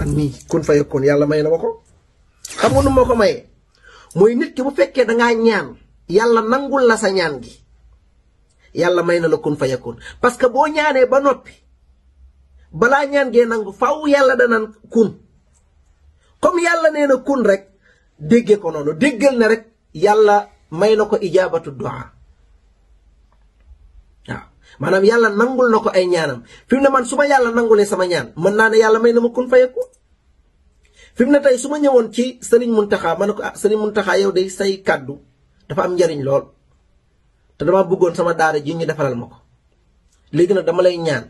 man mi kun fayakun yalla may na ma xam nga nu ma may moy nit ki bu fekke da nga ñaan yalla nangul la sa ñaan gi yalla may na la kun fayakun parce que bo ñaané ba nopi bala ñaan nang faaw yalla da nan kun comme yalla neena kun rek degge ko nonu deggel ne rek yalla may na ko ijaabatu manam yalla nangul nako ay ñaanam fimne man suma yalla nangulé sama ñaan man na yalla may na ma kun fayeku fi mu ne tey su ma ñëwoon ci Serigne Mountakha ma ne ko ah Serigne Mountakha yow de say kàddu dafa am njariñ lool te dama bëggoon sama daara ji ñu defaral ma ko léegi nag dama lay ñaan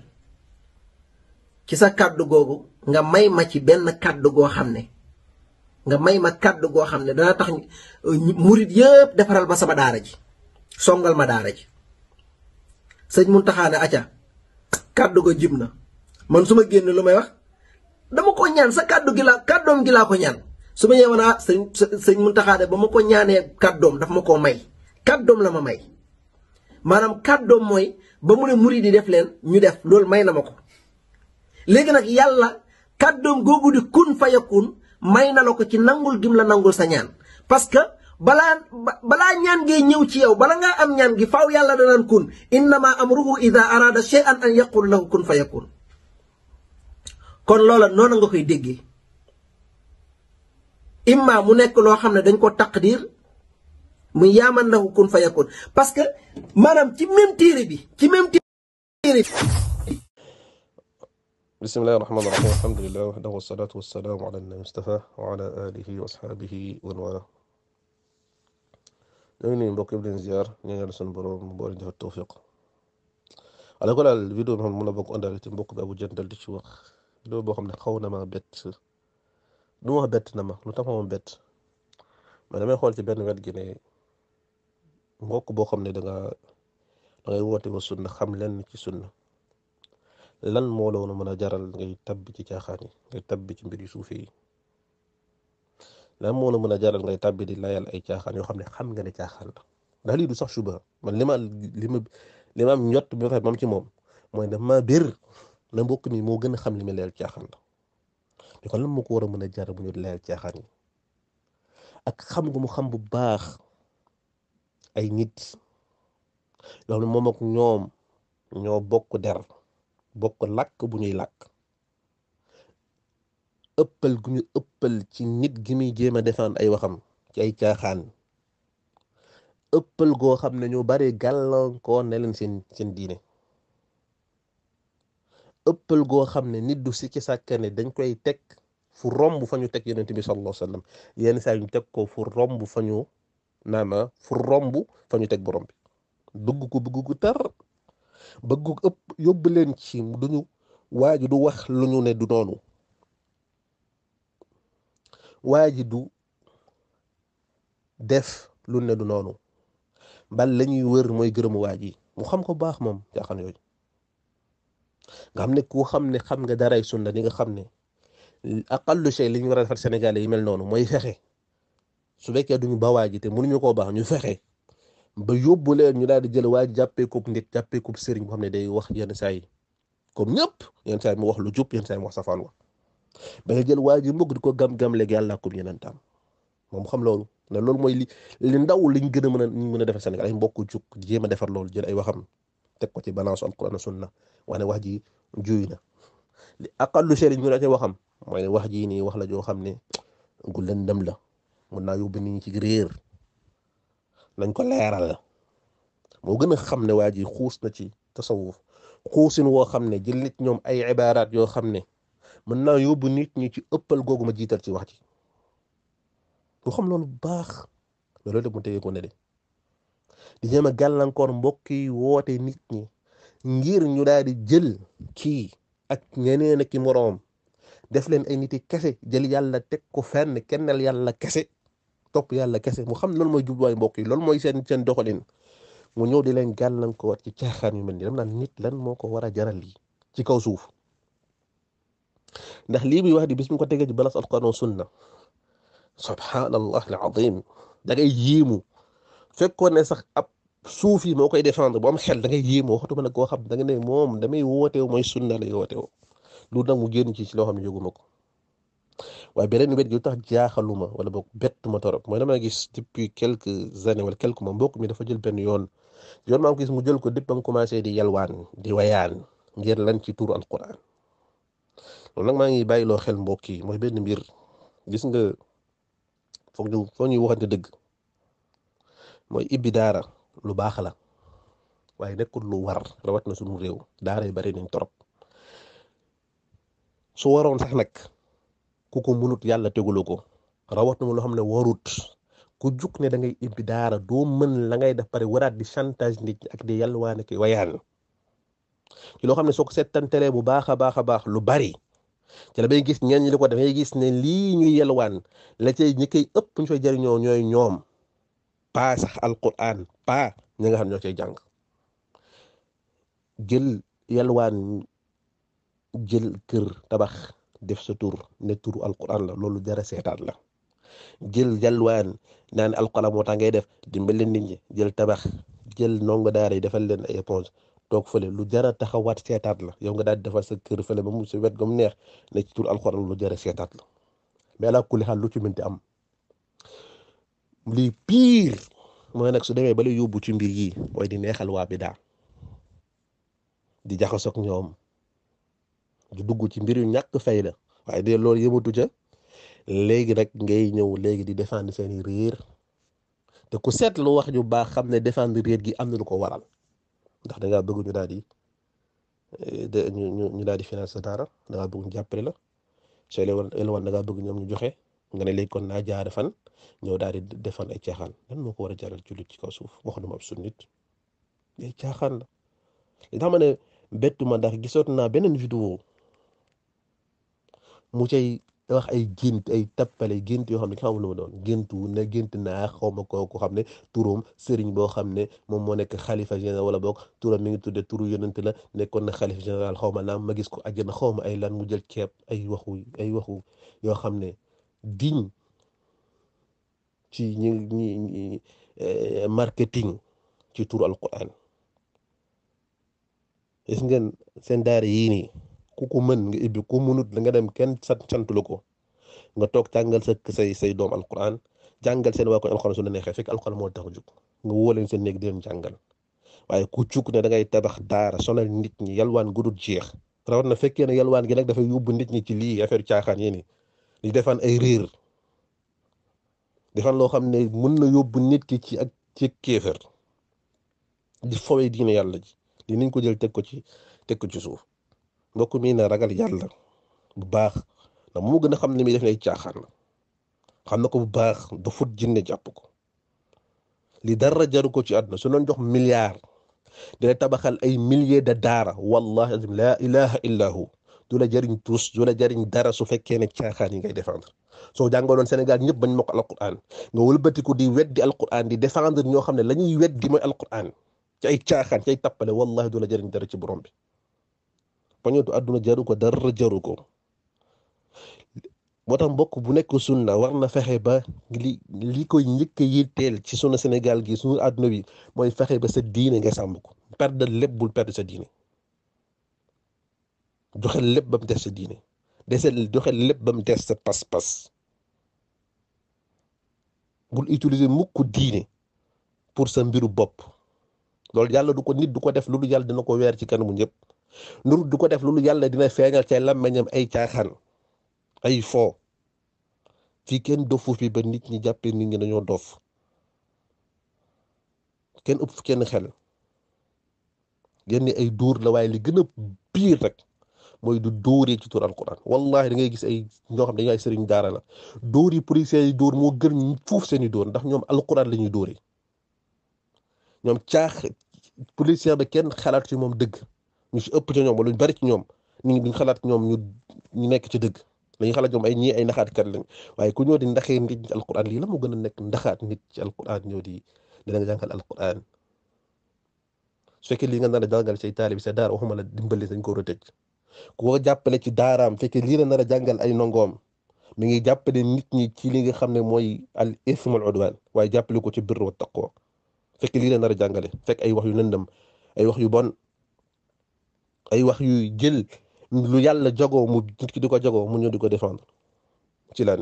ci sa kàddu googu nga may ma ci benn kàddu goo xam ne nga may ma kàddu goo xam ne dana tax euh, murit yëpp defaral ma sama daara ji songal ma daara ji sëñ Mountakha ne acca kàddu go jib na man suma génn lu may wax dama ko ñaan sa kàddu gilaa laa kàddoom gi laa ko ñaan su ma ñëwoon ah sëñ sëñ Muntaxa de ba ma ko ñaanee kàddoom daf ma koo may kàddoom la ma may maanaam kàddoom mooy ba mu ne murid yi def leen ñu def loolu may na ma ko léegi nag yàlla kàddoom googu di kun fa yakun may na la ko ci nangul gim la nangul sa ñaan parce que balaa balaa ñaan ngay ñëw ci yow bala ngaa am ñaan gi faw yàlla danaan kun innama amruhu ida arada shay'an an yaqul lahu kun fa yakun kon loola noonu nga koy déggee imma mu nekk loo xam ne dañ ko taqdir mu yaaman lahu kun fayakun parce que maanaam ci même téere bi ci même téere bi bismillahi rahmani rahim alhamdulilah wahdahu wassalatu wassalaamu ala nabi wa ala alihi wa ashabihi wa wala ñoo ngi nuyu mbokk yëpp leen ziar ñu ngi sunu borom mu boole mun na bokk àndaale ci mbokk bi Abu Jandal di ci wax loolu boo xam ne xaw na ma bett lu ma bett na ma lu tax ma bett mais damay xool ci benn wet gi ne mbokk boo xam ne da nga da ngay woote wa sunna xam lenn ci sunna lan moo la woon a mën a jaral ngay tabb ci caaxaan yi ngay tabb ci mbir yu suufe yi lan moo la mën a jaral ngay tabbi di layal ay caaxaan yoo xam ne xam nga ne caaxaan la ndax lii du sax suba man li ma li ma li ma am njott bi ma ci moom mooy dama bir la mbokk mii moo gën a xam li mu leeral caaxaan la kon lan moo ko war a mën a jar bu ñu leeral caaxaan yi ak xam gu mu xam bu baax ay nit yoo xam ne moom ak ñoom ñoo bokk der bokk lakk bu ñuy lakk ëppal gu ñu ëppal ci nit gi muy jéem a defaan ay waxam ci ay caaxaan ëppal goo xam ne ñu bare gàllankoor ne leen seen seen diine ëppal goo xam ne nit du sikki sàkka ne dañ koy teg fu romb fa ñu teg yonent bi sallallahu alayhi wa sallam yenn saa ñu teg ko fu romb fa ñu naana fu romb fa ñu teg borom bi bëgg ko bugg ko tar bëgg ëpp yóbbu leen ci duñu waa ji du wax lu ñu ne du noonu waa ji du def lu ne du noonu bal la ñuy wër mooy gërëmu waa ji mu xam ko baax moom caaxaan yooyu nga xam ne ku xam ne xam nga daray sunna li nga xam ne aqallu shay li ñu war a defar sénégalais yi mel noonu mooy fexe su fekkee duñu ba waa ji te mënuñu koo baax ñu fexe ba yóbbu leen ñu daal di jël waa jàppee koog nit jàppee koog xam ne day wax yenn saa yi comme ñëpp yenn saa yi wax lu jub yenn saa yi ba nga jël waa ji mbokk di ko gam-gam léegi yàlla ak yeneen taam moom xam loolu ne loolu mooy li li ndaw gën a mën a mën a defar Sénégal ay mbokk jukk jéem a defar loolu jël ay waxam تكوتي بالانس القران والسنه وانا وحدي جوينا اقل شيء لي نوتي وخم موي يعني وحدي ني وخلا جو خامني نقول لن دم لا من يوبني نتي غرير نانكو ليرال مو غن خامني واجي خوس نتي تصوف خوس و خامني جليت نيوم اي عبارات جو خامني من يوب نيت ني تي اوبل غوغ ما جيتال تي وخم لولو باخ لولو دمتي كو ندي di jéem a gàllankoor mbokk yi woote nit ñi ngir ñu daal di jël kii ak ñeneen ak i moroom def leen ay nit yi kese jël yàlla teg ko fenn kennal yàlla kese topp yàlla kese mu xam loolu mooy jubluwaay mbokk yi loolu mooy seen seen doxalin mu ñëw di leen gàllankoor ci ceexaan yu mel ni dam naan nit lan moo ko war a jaral lii ci kaw suuf ndax lii muy wax di bis ko tegee ci balas alquran wa sunna subhanallah al azim da ngay fekkoon ne sax ab suuf yi moo koy défendre bu xel da ngay yéem ma nag koo xam da nga ne moom damay wooteew mooy sunna lay wooteew lu nag mu génn ci ci loo xam ne yëguma ko waaye beneen wet gi lu tax jaaxaluma wala boog bett ma torop mooy dama gis depuis quelques années wala quelques mois mbokk mi dafa jël benn yoon yoon maa gis mu jël ko depuis ba mu commencé di yalwaan di wayaan ngir lan ci turu alquran nag maa ngi bàyyiloo xel mbokk yi mooy benn mbir gis nga foog ñu foog ñuy waxante dëgg mooy ibbi daara lu baax la waaye nekkul lu war rawat na suñu réew daara yu bari nañ trop su waroon sax nag ku ko munut yàlla teguloo ko rawat na loo xam ne warut ku jug ne da ngay ibbi daara doo mën la ngay def pare waraat di chantage nit ak di yàlwaane ki wayaan ci loo xam ne soo ko seetantelee bu baax a baax a baax lu bari ci la bay gis ñenn ñi li ko dafay gis ne lii ñuy yelwaan la cay ñi koy ëpp ñu fa jariñoo ñooy ñoom paa sax alquran pas ñi nga xam ñoo cay jàng jël yalwaan jël kër tabax def sa tur ne turu alquran la loolu dara seetaan la jël yalwaan naan alquran moo tax ngay def dimbale nit ñi jël tabax jël ndongo daara yi defal leen ay éponge toog fële lu jara taxawaat seetaat la yow nga daal defal sa kër fële ba mu sa wet gam neex ne ci tur alquran lu jara seetaat la mais ala kulli xaal lu ci mënti am li pire mooy nak su demé ba yobbu ci mbir yi mooy di neexal waa bidaa di jaxasoog ñoom du dugg ci mbir yu ñak fay la waaye de lool yëmatu ca légui nak ngay ñew légui di défendre seen i réer te ku lu wax ju baax xamné défendre réer gi amna lu ko waral ndax da nga bëgg ñu daal di eh, ñu ñu daal di financer dara da nga bëgg ñu jàppale la soo leen won da nga bëgg ñom ñu joxé nga ne léegi kon naa jaar fan ñëw daal di defan ay caaxaan lan moo ko war a jaral jullit ci kaw suuf wax dama ab sunnit ay caaxaan la li ma ne bettu ma ndax gisoot naa beneen vidéo mu cay wax ay gént ay tappale gént yoo xam ne ki xamul ma doon géntu na gént naa xaw ma kooku xam ne turam sëriñ boo xam ne moom moo nekk xalifa général wala boog turam mi ngi tudde turu yonent la nekkoon na xalifa général xaw ma naam ma gis ko àjjana xaw ma ay lan mu jël ceeb ay waxu ay waxu yoo xam ne digne ci ñi ñi eh, marketing ci al alquran gis ngeen seen daara yi ni ku ko mën nga ibbi ku munut nga dem kenn sant sant la ko nga toog jàngal sa say say doom alquran jàngal seen waa ko alquran su la neexee fekk alquran moo tax jug nga woo leen seen néeg di leen jàngal waaye ku cukk ne da ngay tabax daara sonal nit ñi yalwaan gudut jeex rawat na fekkee ne yalwaan gi nag dafa yóbbu nit ñi ci lii affaire caaxaan yi nii di defan ay réer defan loo xam ne mën na yóbbu nit ki ci ak ci kéefër di fowee diine yàlla ji di nañ ko jël teg ko ci teg ci suuf mbokk mi na ragal yàlla bu baax ndax moo gën a xam ne mi def nay caaxaan la xam na ko bu baax ba fut jinne jàpp ko li dara jaru ko ci àdduna su doon jox milliard dina tabaxal ay milliers de daara wallahi azim la ilaha illa hu du la jariñ tous du la jariñ dara su fekkee ne caaxaan yi ngay défendre soo jàngaloon Sénégal ñëpp bañ mokk alquran nga wëlbatiku di weddi alquran di défendre ñoo xam ne la ñuy weddi mooy alquran ci ay caaxaan ci ay tappale wallahi du la jariñ dara ci borom bi pañootu àdduna jaru ko dara jaru ko motam tax mbokk bu nekk sunna war na fexe ba li li koy njëkk yi ci sunna Sénégal gi sunu àdduna bi mooy fexe ba sa diine nga sàmm ko perdre lépp bul perdre sa diine joxe lepp bam def sa diine desel joxe lepp bam def sa pass pass bul utiliser mukk diine pour sa mbiru bop lol yalla du ko nit du ko def lolu yalla dina ko weer ci kanamu ñëpp nuru du ko def lolu yalla dina feeñal cay lammeñam ay tiaxan ay foo fii kenn dofu fi ba nit ñi jappé nit ñi dañoo dof ken ëpp ken xel genn ay dóor la way li gëna a rek mooy du dóoree ci tur alquran wallahi da ngay gis ay ñoo xam dañu ay sëriñ daara la dóor yi policiers yi dóor moo gën ñu fuuf seen i dóor ndax ñoom alquran la ñuy dóoree ñoom caax ba kenn xalaat ci moom dëgg ñu ci ëpp ci ñoom wala ñu bari ci ñoom ñu duñ xalaat ñoom ñu ñu nekk ci dëgg dañuy xalaat ñoom ay ñii ay naxaat kan lañ waaye ku ñëw di ndaxee nit ci alquran lii la mu gën a nekk ndaxaat nit ci alquran ñëw di dina nga jàngal alquran su fekkee lii nga naan jàngal say taalibi sa daara waxuma la dimbali dañ ko a tëj ku ko jàppale ci daaraam fekkee lii la nar a jàngal ay ndongoom mi ngi jàppale nit ñi ci li nga xam ne mooy al ism al waaye jàppale ko ci birr wa ko fekk lii la nar a jàngale fekk ay wax yu lëndëm ay wax yu bon ay wax yu jël lu yàlla jagoo mu nit ki di ko jagoo mu ñëw di ko défendre ci lan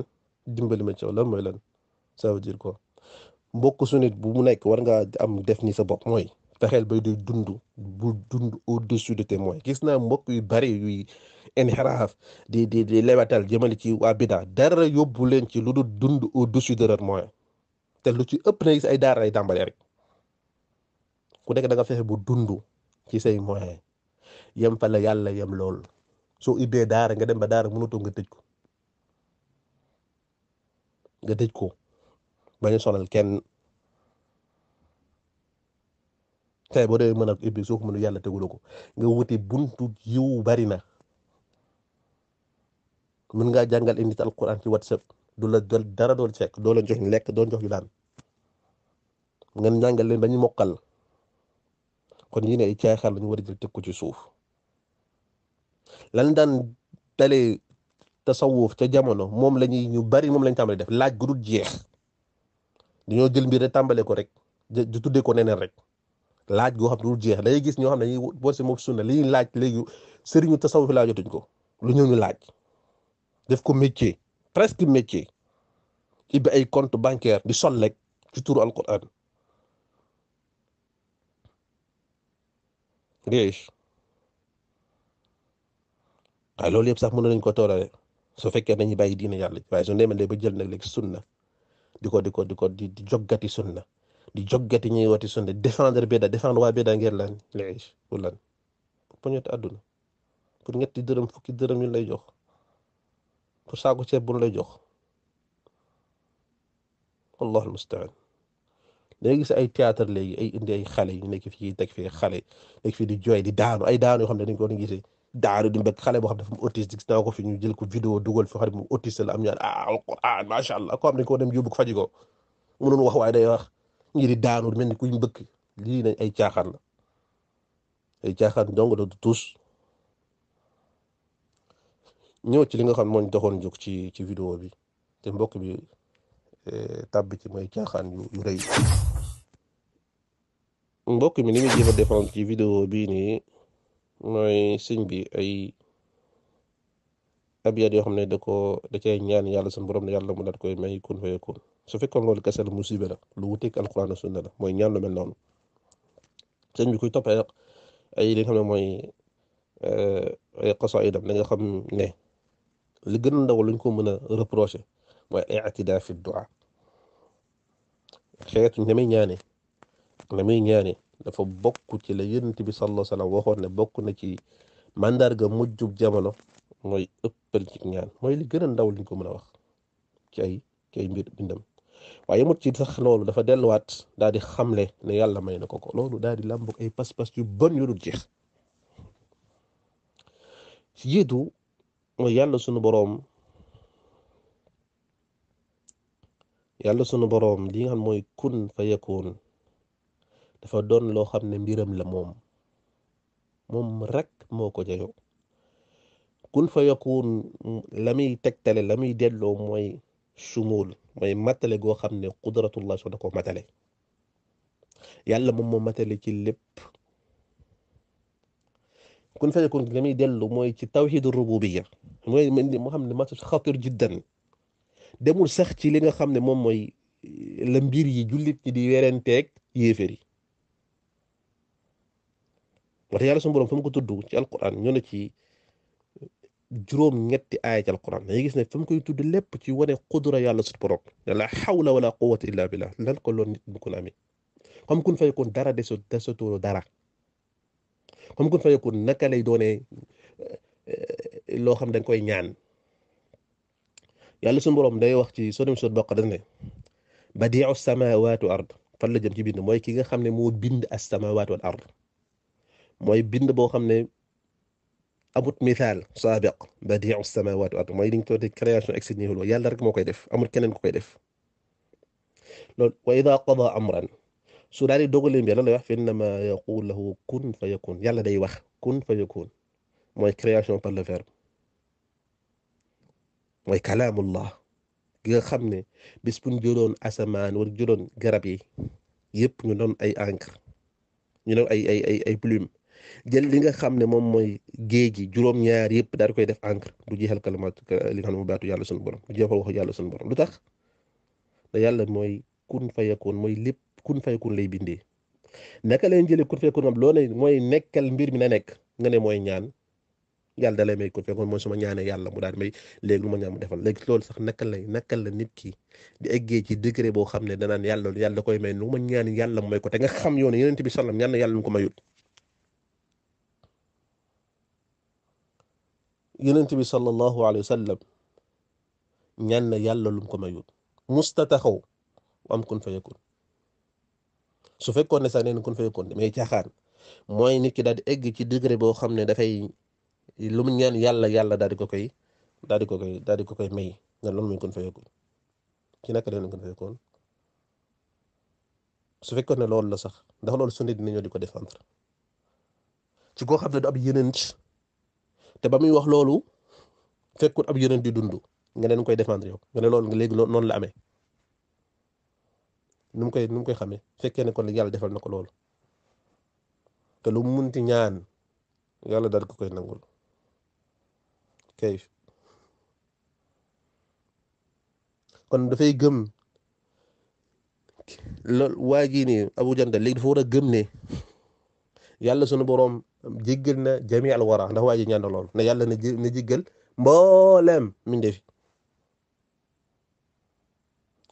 dimbali ma ci lan mooy lan ça veut dire quoi mbokk su nit bu mu nekk war ngaa am def ni sa bopp mooy fexeel ba di dund bu dund au-dessus de tes moyens gis naa mbokk yu bari yuy inxiraaf di di di lewatal jëmale ci waa bida dara yóbbu leen ci lu dul dund au-dessus de leurs moyens te lu ci ëpp na gis ay daara ay tàmbale rek ku nekk da nga fexe bu dundu ci say moyens yem fa la yàlla yem lool soo ubbee daara nga dem ba daara mënatoo nga tëj ko nga tëj ko bañ a sonal kenn tey boo demee mën a ibbi suuf mënu yàlla teguloo ko nga wuti buntu yiw bari na mën ngaa jàngal ay nit alquran ci whatsapp du la dara dool fekk doo leen jox ñu doo jox ñu daan ngeen jàngal leen ba ñu mokkal kon yi ne ca caaxaan la ñu war a jël teg ko ci suuf lan daan dalee tasawuf ca jamono moom la ñuy ñu bari moom la ñu tàmbalee def laaj gu dul jeex dañoo jël mbir rek tàmbale ko rek ju tuddee ko neneen rek. laaj goo xam ne du jeex day gis ñoo xam ne dañuy boole si moom sunna li laaj léegi sëriñu tasawuf laajatuñ ko lu ñu laaj def ko métier presque métier ibbi ay compte bancaire di sol rek ci turu alquran riche waaye loolu yëpp sax na nañ ko toorale su fekkee dañuy bàyyi diine yàlla waaye su demee ba jël nag léegi sunna di ko di ko di ko di joggati sunna ɗi joggati wati sunna défendre beeɗa défendre wa waa beeɗa ngerlaani leesh fulan poñoto adduna pour ñetti deureum fukki deureum ñu lay jox pour sagu ci bu lay jox wallahu almustaan léegi gis ay théâtre léegi ay indi ay xale yu nekk fi tek fi xale nekk fi di joy di daanu ay daanu yoo xam dañ ko war a gisee daanu di mbek xale bo xamne dafa autiste gis naa ko fi ñu jël ko vidéo duggal fi xam mu autiste la am ñaan ah alquran ma sha allah ko am dañ ko dem yóbbu ko faji ko mënoon wax way day wax ñi di daanu mel ni kuñ mbëkk lii nañ ay caaxaan la ay caaxaan dong la du tuus ñëw ci li nga xam mooñ doxoon jóg ci ci vidéo bi te mbokk bi eh, tàbbi ci mooy caaxaan yu mi li muy jéem a ci vidéo bii nii mooy sëñ bi ay abiyat yoo xam ne da ko da cay ñaan yàlla suñu borom ne yàlla mu daat koy may kun fayakun su fekkoon loolu kese la musiba la lu wuteeg alquran ak sunna la mooy ñaan lu mel noonu sëñ bi kuy toppee nag ay li nga xam ne mooy ay qasaidam da nga xam ne li gën ndaw luñ ko mën a reprocher mooy i'tida fi du'a xeetu na muy ñaane na muy ñaane dafa bokk ci la yonent bi sallallahu alayhi wa sallam waxoon ne bokk na ci mandarga mujjub jamono mooy ëppal ci ñaan mooy li gën a ndaw luñ ko mën a wax ci ay ci ay mbir bindam waaye mu ci sax loolu dafa delluwaat daal di xamle ne yàlla may na ko ko loolu daal di làmboog ay pas-pas yu bon yu dul jeex jiitu mooy yàlla sunu boroom yàlla sunu boroom li nga xam mooy kun fa yakun dafa doon loo xam ne mbiram la moom moom rekk moo ko jeyoo kun fa yakun la muy tegtale la delloo mooy sumul mooy matale goo xam ne qudratullah sax da ko matale yàlla moom moo matale ci lépp kun fayakun nga muy dellu mooy ci tawxidu rububiya mooy moo xam ne ma xatir jiddan demul sax ci li nga xam ne moom mooy la mbir yi jullit ñi di werenteeg yéeféer yi wata yàlla suñu borom fa mu ko tudd ci alquran ñu ne ci juróom ñetti aaya ci alquran dañuy gis ne fa mu koy tudd lépp ci wone wane qudura yàlla sut borom la xawla wala quwwata illa billah lan ko loon nit ñu ko amee comme kun fayakun dara desut desutul dara comme kun fayakun naka lay doonee eh, eh, loo xam dañ koy ñaan yàlla sunu boroom day wax ci soo dem sut bokk dañ ne badiu samawati wal ard fan la jëm ci bind mooy ki nga xam ne moo bind as samawati wal ard mooy bind boo xam ne amut misaal saabiq badiu samawaat wal ard mooy li ñu tuddee création exceptionnelle yàlla rek moo koy def amul keneen ku koy def loolu wa ida qada amran su daal di dogalee mbir la lay wax fi innama yaqul lahu kun fayakun yakun yàlla day wax kun fayakun yakun création par le verbe mooy kalaamullah gi nga xam ne bis bu ñu jëloon asamaan wala jëloon garab yi yëpp ñu doon ay encre ñu ay ay ay plume jël li nga xam ne moom mooy géej gi juróom-ñaar yëpp daal koy def encre du jeexal kalimaat li nga xam ne mu baatu yàlla sunu borom du jeexal waxu yàlla sunu lu tax yàlla mooy kun fayakoon mooy lépp kun fayakoon lay bindee naka leen jëlee kun fayakoon moom loo ne mooy nekkal mbir mi na nekk nga ne mooy ñaan yàlla da lay may kun fayakoon mooy yàlla mu daal may léegi lu mu defal léegi loolu sax naka lay naka la nit ki di eggee boo xam ne danaan yàlla yàlla koy may lu ñaan yàlla mu may ko te nga xam yoon yeneen bi sallam ñaan yàlla lu ko mayul yonent bi sallallahu alayhi wasallam sallam ñaan na yàlla lum ko mayut musta taxaw am kun fa yakun su fekkone sa neen kun fa yakun mais caaxaan moy nit ki daal egg ci degré bo xamne da fay lu mu ñaan yàlla yàlla daal ko koy daal ko koy daal ko koy may nga loolu muy kun fa yakun ci nak leen kun fa yakun su fekkone ne la sax ndax loolu su nit dina ñëw di ko défendre ci go xamne ne du ab yeneen te ba muy wax loolu fekkut ab yonent di dund nga ne koy défendre yow nga ne loolu léegi noonu la amee num koy nu mu koy xamee ne kon yàlla defal na ko loolu te lu mu munti ñaan yàlla daal ko koy nangul kay kon dafay gëm loolu waa jii nii Abu Jandal léegi dafa a gëm ne. yàlla sunu borom jéggal na jami al wara ndax waa ji ñaan lool ne yàlla na na jéggal mbooleem mindeefi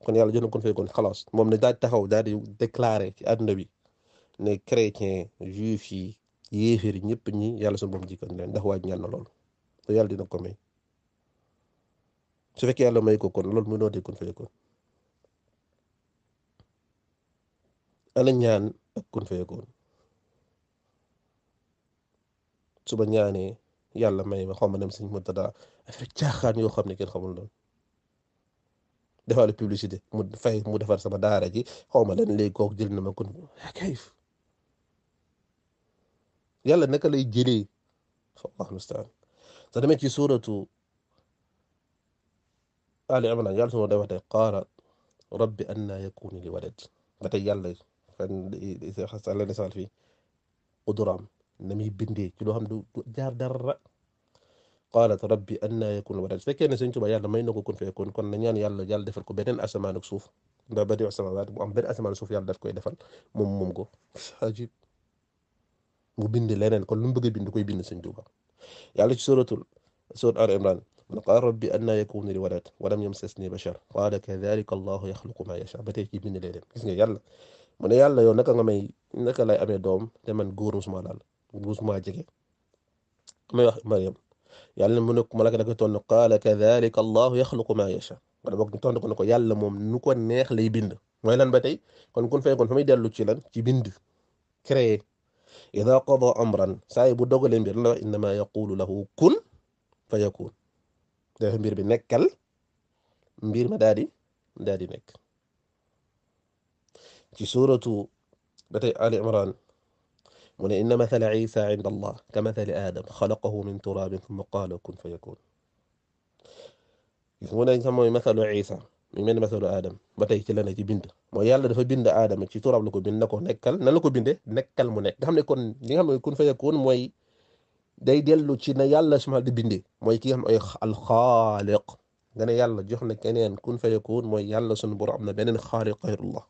kon yàlla jox kon fay kon xalaas moom ne daaj taxaw daal di déclaré ci àdduna bi ne chrétien juif yi yéeféer ñëpp ñi yàlla sunu borom jikkoon leen ndax waa ñaan lool te yàlla dina ko may su fekkee yàlla may ko kon loolu muy nootee kon fay kon ana ñaan ak kon fay kon suba ñaane yàlla may ma xaw ma dem mudda Murtada affaire caaxaan yoo xam ne kenn xamul noonu defal publicité mu fay mu defar sama daara ji xaw ma lan léegi kooku jël na ma kon kayf yàlla naka lay jëlee allah mustaan sa demee ci suratu Ali Imran yàlla suma day wax tey qaala rabbi anna yakuni li walad ba tey yàlla fan la ne saal fii quduraam na muy bindee ci loo xam du jaar dara qaalat rabbi anna yakun walad su fekkee ne sëñ Tuba yàlla may na ko kun fekkoon kon na ñaan yàlla yàlla defal ko beneen asamaan ak suuf ndax ba diw samawaat mu am benn asamaan ak suuf yàlla daf koy defal moom moom ko ajib mu bind leneen kon lu mu bëgg a bind koy bind sëñ Tuba yàlla ci suratul surat al imran man ah, qaal rabbi anna yakunu li walad walam yamsasni bashar qaala kadhalika allahu yaxluqu ma yasha ba tey ci bind leneen gis nga yàlla mu ne yàlla yow naka nga may naka lay amee doom te man góor musuma laal بوز ما مريم يعلم منك ملك لك قال كذلك الله يخلق ما يشاء قال بوك نتو نكو نكو يالا موم نكو نيه لي بيند موي لان باتاي كون كون فايكون فامي ديلو تي لان تي بيند كري اذا قضى امرا ساي بو دوغل مير انما يقول له كن فيكون ده مير بي نيكال مير ما دادي دادي نيك تي سوره باتاي ال عمران وإن إن مثل عيسى عند الله كمثل آدم خلقه من تراب ثم قال كن فيكون يقول إن سموه مثل عيسى من مثل آدم بتاعي كلا نجي بند ما يلا ده بند آدم كي تراب لكو بند نكو نكال نلكو بند نكال منك ده هم يكون ده هم يكون فيكون موي day delu ci na yalla suma di bindé moy ki ay al khaliq dana yalla jox na keneen kun fa yakun moy yalla sun borom na benen khaliq ghayr allah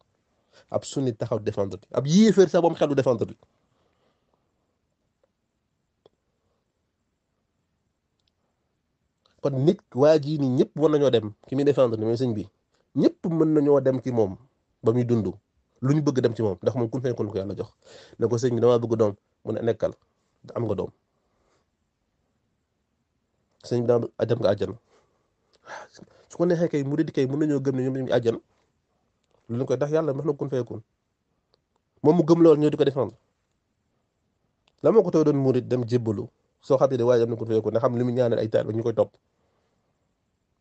ab sunni taxaw defendre ab yéfer sa bom xelu defendre kon nit waa jii nii ñëpp mën nañoo dem ki muy défendre mooy sëñ bi ñëpp mën nañoo dem ci moom ba muy dund lu ñu bëgg dem ci moom ndax moom kun fekkoon ko jox ne ko sëñ bi damaa doom mu ne nekkal am nga doom sëñ daa dem nga àjjana su ko neexee kay mu di kay mën nañoo gëm ne ñoom ñu àjjana lu ñu koy tax yàlla wax na kun fekkoon moom mu gëm lool ñoo di ko défendre la moo ko tooy doon murit dem jébbalu soo xamante ne waaye dem na kun fekkoon ne xam lu mu ñaanal ay taal ñu koy topp.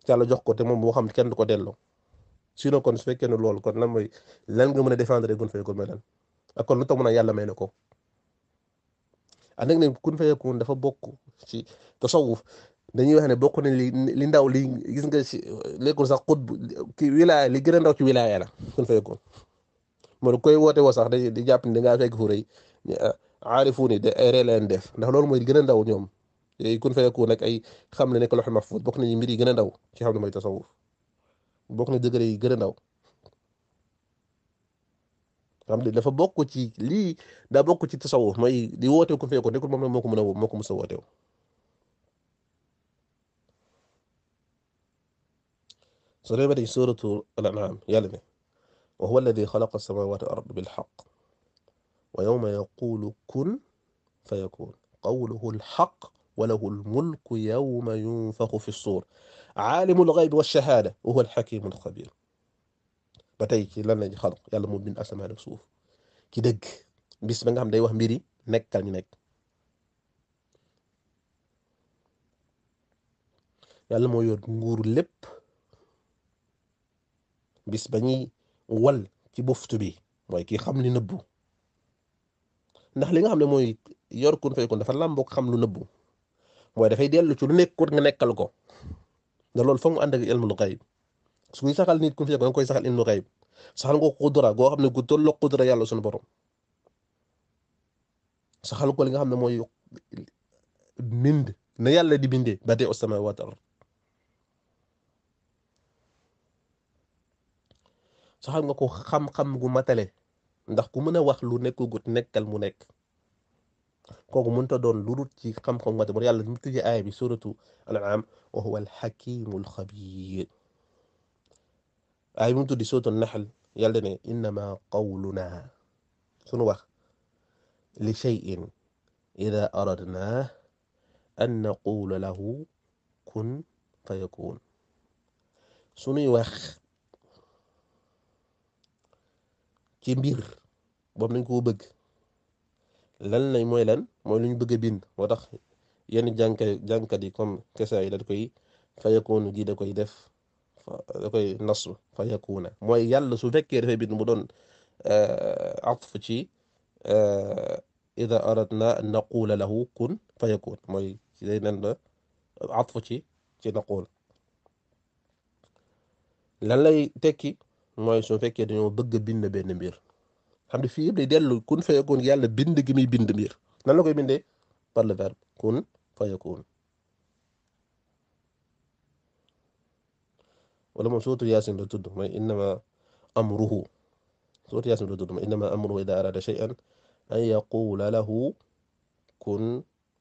yàlla jox ko te moom moo xam kenn du ko delloo sinon kon su fekkee ne loolu kon lan mooy lan nga mën a défendre Kun Fayakoun mooy lan kon lu tax mun a yàlla may na ko ànd ak ne Kun Fayakoun dafa bokk ci tasawuf dañuy wax ne bokk nañ li li ndaw li gis nga si lékkul sax xut ki wilaaya li gën ndaw ci wilaaya la Kun Fayakoun mooy koy woote woo sax dañuy di jàpp ne dangaa fekk fu rëy ah, aarifu ni de ay ree leen def ndax loolu mooy gën a ndaw ñoom يكون فيها يكون لك اي خمل نيك لوح محفوظ بوكني ميري غنا داو شي حبل ما يتصوف بوكني دغري غنا داو رام دي دافا تي لي دا بوكو تي تصوف ماي دي ووتو يكون فيها يكون نيكول مام موكو منو موكو مسووتو سوره بدي سوره الانعام يلا وهو الذي خلق السماوات والارض بالحق ويوم يقول كن فيكون قوله الحق وله الملك يوم ينفخ في الصور عالم الغيب والشهاده وهو الحكيم الخبير باتاي كي لان لاي خالق يالا نعم مو بين اسمان السوف كي دغ بيس ما خام داي واخ ميري نيكال ني نيك يالا مو يور نغور ليب بيس باني وال كي بوفتو بي موي كي خام لي نبو نخ ليغا خام لي نعم موي يور كون فاي كون دا فا لامبو خام لو mooy dafay dellu ci lu nekkut nga nekkal ko na loolu foog mu ànd ak ilmul xayb su ñu saxal nit ku fi nga koy saxal ilmul xayb saxal nga ko qudra goo xam ne gu tolloo qudra yàlla suñu borom saxal ko li nga xam ne mooy bind na yàlla di bindee ba tey as-samaawaati wal ard saxal nga ko xam-xam gu matale ndax ku mën a wax lu nekkugut nekkal mu nekk kooku mënta doon lu dul ci xam-xam nga demoon yàlla mu tëjee aaya bi suratu al-an'am al-hakimul xabir aaya bi mu tuddi suratu naxl yàlla ne innama qawluna sunu wax li shay'in ida aradnaa an naqula lahu kun fayakun sunuy wax ci mbir boobu nañ koo bëgg lan lañ mooy lan mooy lu ñu bëgg a bind moo tax yenn jànkat jànkat yi comme kese yi dañ koy fa yakuunu gi da koy def koy nasu fa yakuuna mooy yàlla su fekkee dafay bind mu doon euh, atf ci euh, ida aradna an naqula lahu kun fa yakun mooy ci day nen la atf ci ci naqul lan lay tekki mooy su fekkee dañoo bëgg a bind benn mbir xam fi yeb day delu kun fayakoon yàlla bind gi mi bind mir nan la koy bindé par le verbe kun fayakoon wala mo sootu yasin la tuddu mooy inma amruhu sootu yasin la tuddu mooy inma amruhu idha arada shay'an an yaqula lahu kun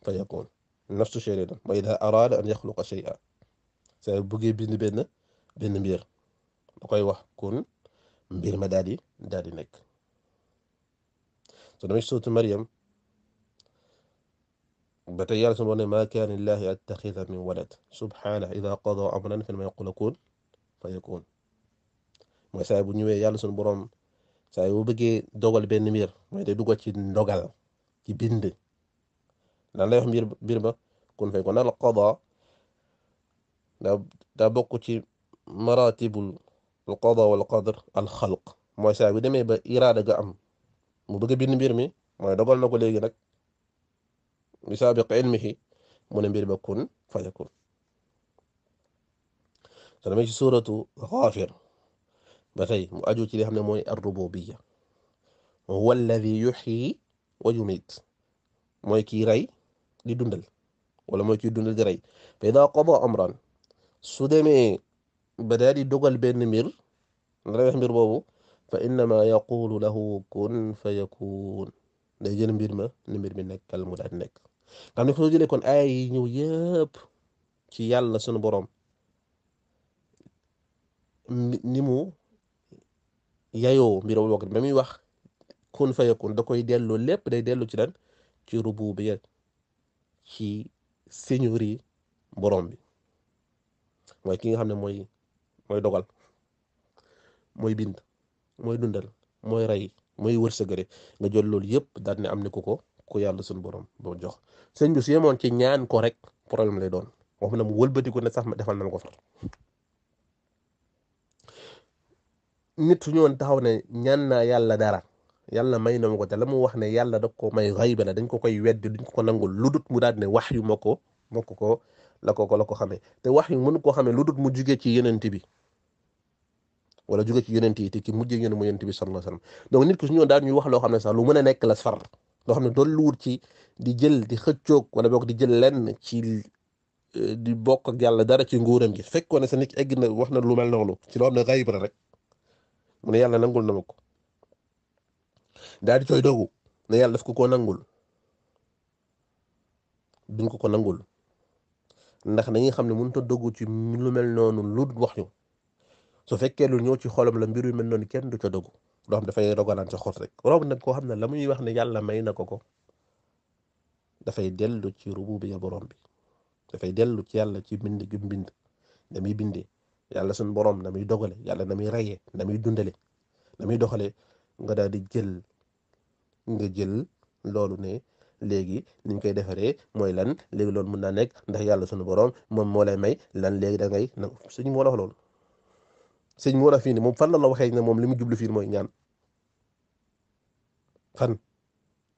fayakoon nafsu shay'an la idha arada an yakhluqa shay'an sa bëggé bind ben ben mbir da koy wax kun mbir ma dadi dadi nek فلما اشتوت مريم بتيال سنبون ما كان الله يتخذ من ولد سبحانه إذا قضى أمرا فلما يقول كون فيكون ما سايبو نيوه يال سنبون سايبو بكي دوغل بين نمير ما يدي دوغل كي نوغل كي بند لان لايهم بيربا كون فيكون نال قضى دابوكو كي مراتب القضاء والقدر الخلق ما سايبو دمي بإرادة قام mu bëgg bind mbir mi mooy dogal na ko léegi nag bi saabiq ilmihi mu ne mbir ba kun fa yakun te damay ci suratu xaafir ba tey mu aju ci li xam ne mooy ar huwa alladi yuxyi wa yumit mooy kiy rey di dundal wala mooy kiy dundal di rey fa idaa qadaa amran su demee ba daal di dogal benn mbir la wax mbir boobu fa innama yaqulu lahu kun jël mbir ma ni mbir mi nekkal mu nekk xam ne soo jëlee kon ay yi ñëw yëpp ci yàlla sunu borom ni mu yayoo mbir ma ba muy wax kun fa yakun da koy delloo lépp day dellu ci lan ci rububiya ci seigneurie borom bi mooy ki nga xam ne mooy mooy dogal mooy bind mooy dundal mooy rey mooy wërsëgale nga jot loolu yëpp daal ne am ne ko ko ku yàlla suñu borom boo jox sëñ bi su yemoon ci ñaan ko rek problème lay doon wax na mu wëlbatiku ne sax ma defal na ko far nit taxaw ne ñaan naa yàlla dara yàlla may na ma ko te la mu wax ne yàlla da ko may xayba la dañ ko koy weddi dañ ko ko nangul ludut mu daal ne wax yu ma ko moo ko la ko ko la ko xamee te wax yu mënu koo xamee ludut mu jugee ci yenent bi wala jóge ci yonent yi te ki mujjee yonent mu yonent bi sallallahu alayhi wasallam donc nit ku su ñëwoon daal ñuy wax loo xam ne sax lu mën a nekk la far loo xam ne doon luwut ci di jël di xëccoog wala boog di jël lenn ci euh, di bokk ak yàlla dara ci nguuram gi fekkoon ne sa nit egg na wax na lu mel noonu ci loo xam ne gayib la rek mu ne yàlla nangul na ma ko daal di koy dogu ne yàlla daf ko koo nangul duñ ko ko nangul ndax dañuy xam ne mënut a dogu ci lu mel noonu lu wax ñu su fekkee lu ñëw ci xolam la mbir yu mel noonu kenn du ca dogu loo xam dafay dogalaan sa xol rek roog nag ko xam ne la muy wax ne yàlla may na ko ko dafay dellu ci rububiya borom bi dafay dellu ci yàlla ci bind gi mbind na muy bindee yàlla suñu borom na muy dogale yàlla na muy reyee dundale na muy nga daal di jël nga jël loolu ne léegi niñ koy defaree mooy lan léegi loolu mun naa nekk ndax yàlla borom moom moo lay may lan léegi da ngay suñu moo la wax loolu sëñ Mor Afine moom fan la la waxee ne moom li mu jublu fii mooy ñaan fan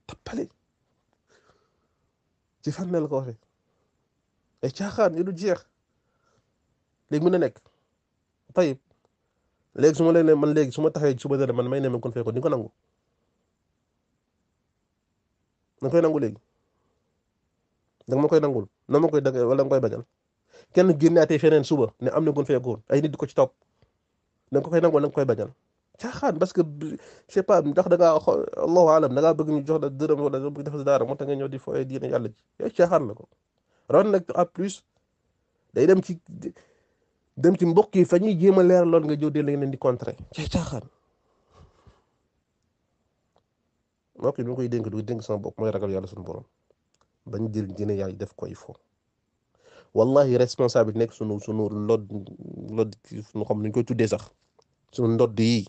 tappale ci fan la ko waxee caaxaan yu du jeex léegi mën na nekk tayib léegi su ma leen man léegi su ma taxee suba dana man may ne ma kon fee ko di ko nangu na koy nangu léegi danga ma koy nangul na ma koy dagg wala nga koy bañal kenn génnaatee feneen suba ne am ne kon fee ay ni di ko ci topp. da ko koy nangu dang nga koy bañal xaan parce que je sais pas ndax da nga allahu alam da nga bëgg ñu jox la dërëm wala da bëgg def daara mo tax nga ñëw di fooyee diina Yalla ci yooyu caaxaan la ko ron nak a plus day dem ci dem ci mbokk yi fa ñuy jéem leer lool nga jëw la ngeen di contrer ci xaan mbokk yi bi ma koy dénk du dénk sama bokk moy ragal Yalla suñu borom bañ jël diina Yalla def koy foofu wallahi responsable bi nekk sunu sunu lod lod sunu xam nuñ koy tuddee sax sunu ndodd yi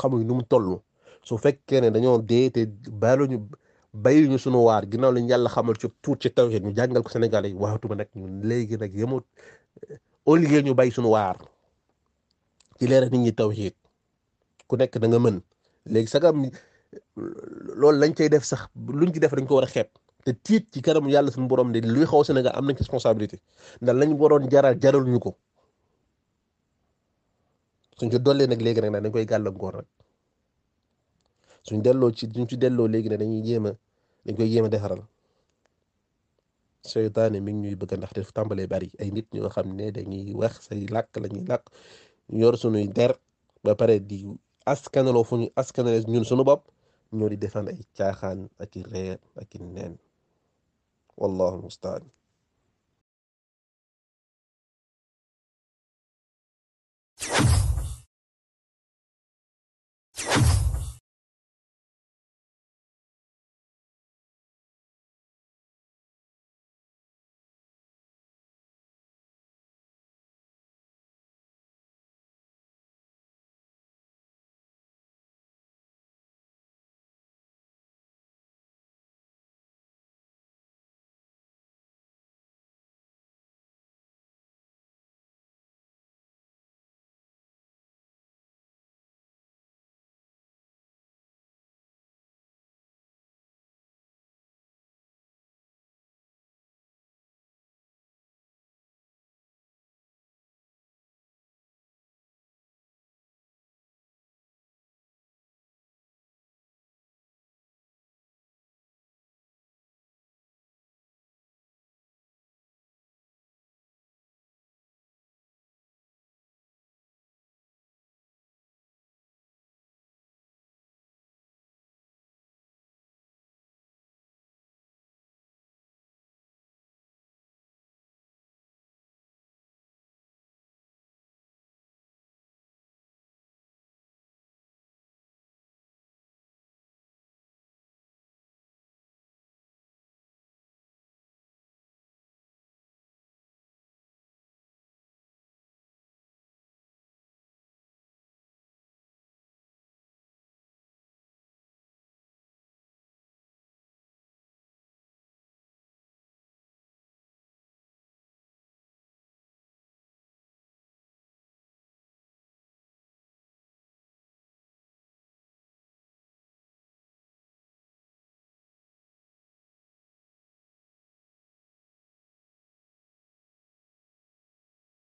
xamuñ nu mu toll su fekkee ne dañoo dee te baaluñu bayuñu sunu waar ginnaaw lañ yàlla xamal ci tuut ci tawhid ñu jàngal ko Sénégalais yi waxatuma nag ñun léegi nag yemut au lieu ñu bay sunu waar ci leeral nit ñi tawhid ku nekk da nga mën léegi sagam loolu lañ cay def sax luñ ci def dañ ko war a xet te tiit ci karamu yàlla suñu borom de luy xaw Sénégal am nañ responsabilité ndax lañ waroon jaral ñu ko suñ ci dollee nag léegi nag dañ koy gàllankoor rek suñ delloo ci suñ ci delloo léegi ne dañuy jéem a dañ koy jéem a defaral seytaane mi ngi ñuy bëgg ndax fu tàmbalee bari ay nit ñoo xam ne dañuy wax say làkk lañuy ñuy làkk yor suñuy der ba pare di askanaloo fu ñu askanale ñun suñu bopp ñoo di defaan ay caaxaan ak i reer ak i neen والله المستعان